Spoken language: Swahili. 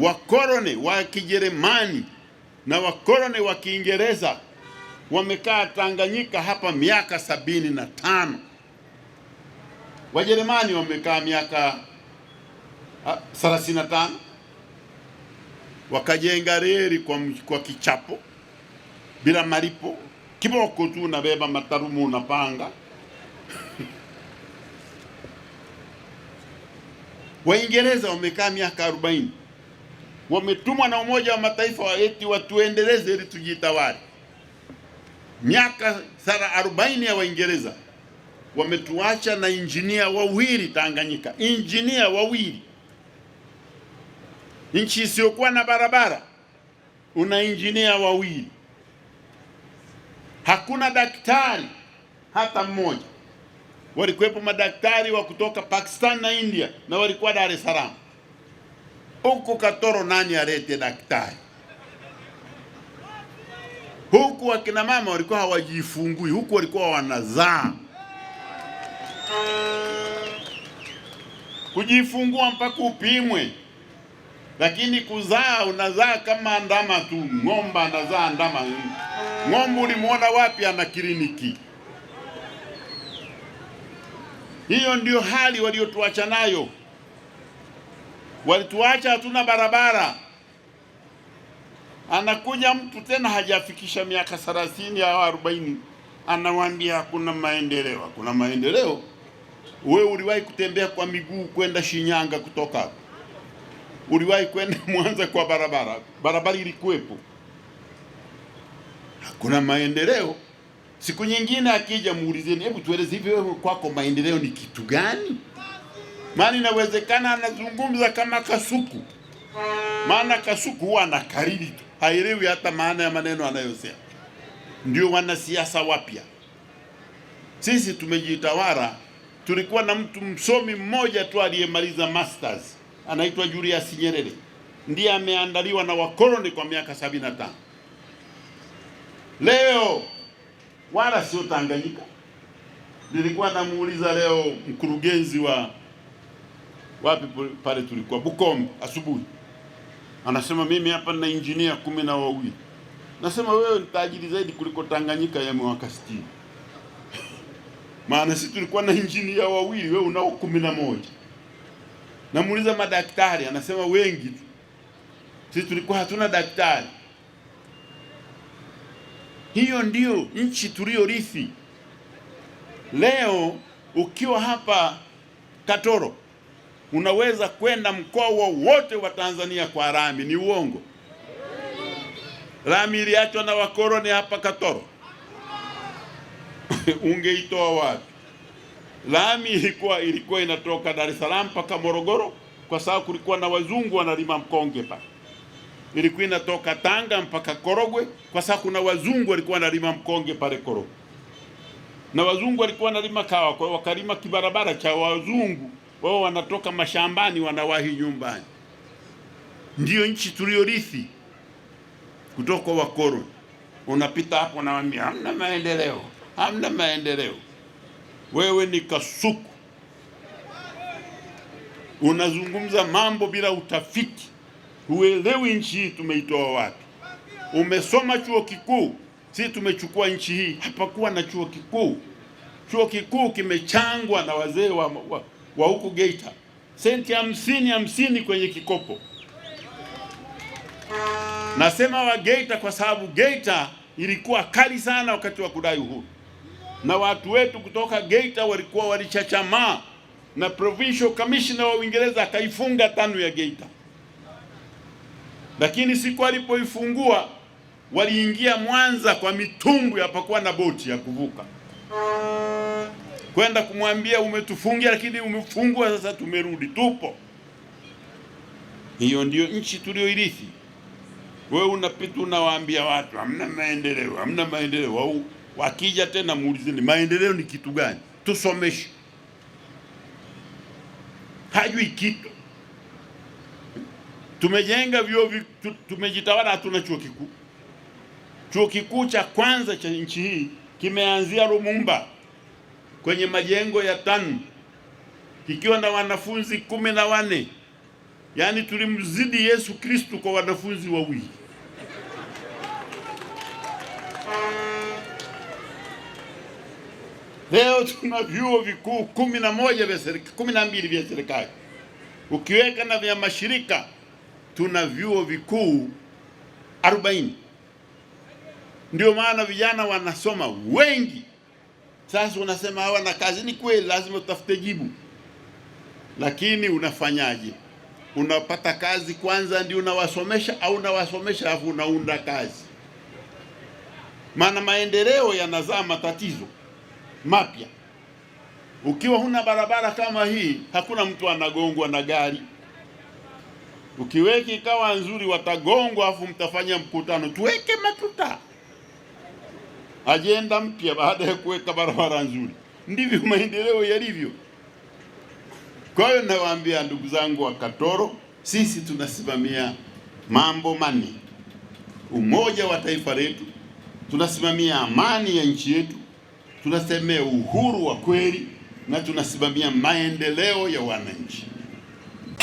wakorone wa Kijerumani na wakorone wa Kiingereza wamekaa Tanganyika hapa miaka sabini na tano. Wajerumani wamekaa miaka ah, thelathini na tano wakajenga reli kwa, kwa kichapo bila malipo, kiboko tu nabeba matarumu unapanga. Waingereza wamekaa miaka arobaini wametumwa na Umoja wa Mataifa wa eti watuendeleze ili tujitawale. Miaka sara arobaini ya Waingereza wametuacha na injinia wawili Tanganyika, injinia wawili, nchi isiyokuwa na barabara una injinia wawili, hakuna daktari hata mmoja. Walikuwepo madaktari wa kutoka Pakistan na India na walikuwa Dar es Salaam huku Katoro nani alete daktari? Huku wakina mama walikuwa hawajifungui, huku walikuwa wanazaa. Kujifungua mpaka upimwe, lakini kuzaa unazaa kama ndama tu. Ng'ombe anazaa ndama. Ng'ombe ulimuona wapi ana kliniki? Hiyo ndio hali waliotuacha nayo walituacha hatuna barabara. Anakuja mtu tena hajafikisha miaka 30 au arobaini anawaambia hakuna maendeleo, hakuna maendeleo. We uliwahi kutembea kwa miguu kwenda Shinyanga kutoka hapo? Uliwahi kwenda Mwanza kwa barabara? Barabara ilikuwepo, hakuna maendeleo. Siku nyingine akija muulizeni, hebu tueleze hivi, wewe kwako maendeleo ni kitu gani? maana inawezekana anazungumza kama kasuku, maana kasuku huwa anakariri tu, haelewi hata maana ya maneno anayosema. Ndio wanasiasa wapya. Sisi tumejitawala, tulikuwa na mtu msomi mmoja tu aliyemaliza masters anaitwa Julius Nyerere, ndiye ameandaliwa na wakoloni kwa miaka 75. Leo wala sio Tanganyika. Nilikuwa namuuliza leo mkurugenzi wa wapi pale tulikuwa Bukombe asubuhi, anasema mimi hapa nina injinia kumi na wawili. Nasema wewe ni tajiri zaidi kuliko Tanganyika ya mwaka 60. maana sisi tulikuwa na injinia wawili, wewe unao kumi na moja. Namuuliza madaktari, anasema wengi tu, sisi tulikuwa hatuna daktari. Hiyo ndiyo nchi tuliyorithi. Leo ukiwa hapa Katoro unaweza kwenda mkoa wowote wa Tanzania kwa rami. Ni uongo. Rami iliachwa na wakoroni hapa Katoro ungeitoa wapi? Lami ilikuwa ilikuwa inatoka Dar es Salaam mpaka Morogoro, kwa sababu kulikuwa na wazungu wanalima mkonge pale. Ilikuwa inatoka Tanga mpaka Korogwe, kwa sababu kuna wazungu walikuwa wanalima mkonge pale Korogwe, na wazungu walikuwa wanalima kawa, kwa wakalima kibarabara cha wazungu wao wanatoka mashambani wanawahi nyumbani. Ndiyo nchi tuliorithi kutoka kwa wakoloni. Unapita hapo nawaambia, hamna maendeleo, hamna maendeleo. Wewe ni kasuku, unazungumza mambo bila utafiti, huelewi nchi hii tumeitoa wapi. Umesoma chuo kikuu, si tumechukua nchi hii? Hapakuwa na chuo kikuu. Chuo kikuu kimechangwa na wazee wa, wa wa huku Geita senti hamsini hamsini kwenye kikopo. Nasema wa Geita kwa sababu Geita ilikuwa kali sana wakati wa kudai uhuru, na watu wetu kutoka Geita walikuwa walichachamaa, na provincial commissioner wa Uingereza akaifunga TANU ya Geita, lakini siku alipoifungua waliingia Mwanza kwa mitumbwi, hapakuwa na boti ya kuvuka kwenda kumwambia umetufungia, lakini umefungwa sasa, tumerudi tupo. Hiyo ndiyo nchi tulioirithi. Wewe unapita unawaambia watu hamna maendeleo, hamna maendeleo, au wakija tena muulizeni maendeleo ni kitu gani? Tusomeshe, hajui kitu. Tumejenga vyuo, tumejitawala, hatuna chuo kikuu. Chuo kikuu cha kwanza cha nchi hii kimeanzia Lumumba kwenye majengo ya TANU kikiwa na wanafunzi kumi na wane. Yaani tulimzidi Yesu Kristu kwa wanafunzi wawili. Leo tuna vyuo vikuu kumi na moja vya serikali, kumi na mbili vya serikali ukiweka na vya mashirika tuna vyuo vikuu 40. Ndio maana vijana wanasoma wengi. Sasa unasema hawana kazi. Ni kweli, lazima utafute jibu, lakini unafanyaje? Unapata kazi kwanza ndio unawasomesha, au unawasomesha alafu unaunda kazi? Maana maendeleo yanazaa matatizo mapya. Ukiwa huna barabara kama hii, hakuna mtu anagongwa na gari. Ukiweki ikawa nzuri, watagongwa, afu mtafanya mkutano, tuweke matuta ajenda mpya baada ya kuweka barabara nzuri. Ndivyo maendeleo yalivyo. Kwa hiyo nawaambia ndugu zangu wa Katoro, sisi tunasimamia mambo manne: umoja wa taifa letu, tunasimamia amani ya nchi yetu, tunasemea uhuru wa kweli na tunasimamia maendeleo ya wananchi.